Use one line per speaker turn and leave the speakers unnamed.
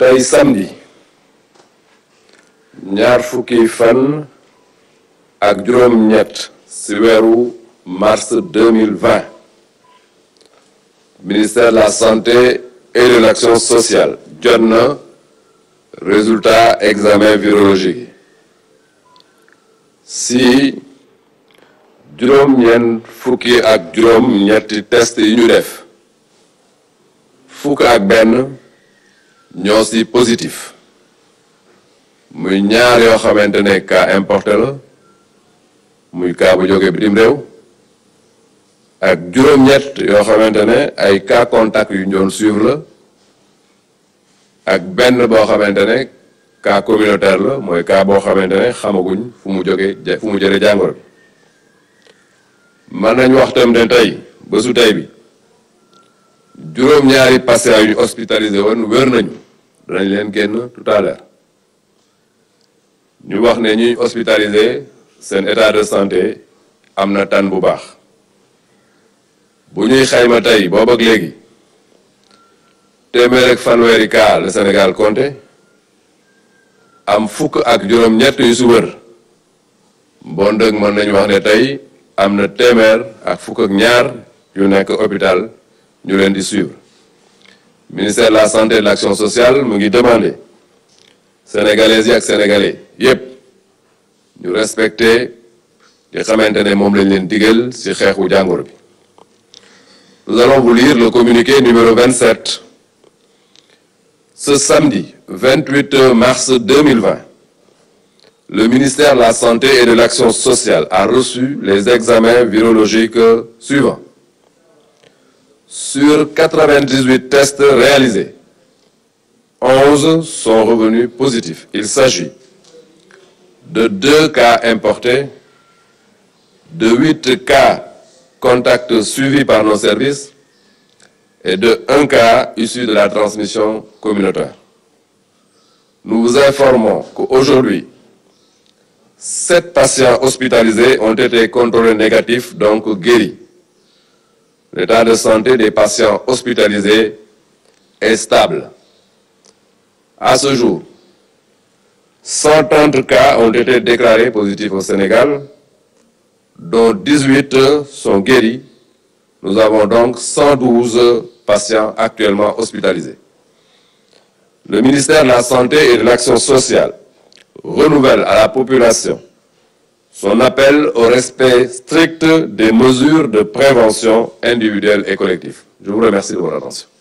tey samedi ñaar fukki fan ak juróom-ñett ci weeru mars 2020 ministère de la santé et de l'action sociale jot na résultat examen virologique si juróom ak juróom-ñetti test yi ñu def fukk ak benn ñoo si positif muy ñaar yoo xamante ne cas importe la muy kaabu bu jógee bitim réew ak juróom-ñett yoo xamante ne ay cas contact yu ñu doon suivre la ak benn boo xamante ne cas communautaire la mooy cas boo xamante ne xamaguñ fu mu jógee fu mu jëlee jàngoro bi mën wax tam ne tey bésu tey bi juróom-ñaari patient yu hospitalisé woon wér nañu danañ leen génn tout ñu wax ne ñuy hospitalisé seen état de santé am na tan bu baax bu ñuy xayma tey boobu ak léegi téeméer ak fanweeri cas la Sénégal compté am fukk ak juróom-ñett yu su wër bon dëgg mën nañu wax ne tey am na téeméer ak fukk ak ñaar yu nekk hôpital ñu leen di suivre ministère la santé et sociale mu ngi demandé sénégalaises ak sénégalais yépp ñu respecté di xamante ne moom lañ leen digal ci xeexu jàngoro bi nous allons vous lire le communiqué numéro 27 ce samedi 28 mars 2020 le ministère de la santé et de sociale a reçu les examens virologiques suivants Sur 98 tests réalisés, 11 sont revenus positifs. Il s'agit de 2 cas importés, de 8 cas contacts suivis par nos de 1 cas la transmission communautaire. Nous vous informons qu'aujourd'hui, 7 patients hospitalisés ont donc guéris. L'état de santé des patients hospitalisés est stable. À ce jour, 130 cas ont été déclarés positifs au Sénégal, dont 18 sont guéris. Nous avons donc 112 patients actuellement hospitalisés. Le ministère de la Santé et de l'Action sociale renouvelle à la population son appel au respect strict des mesures de prévention individuelle et collective. Je vous remercie de votre attention.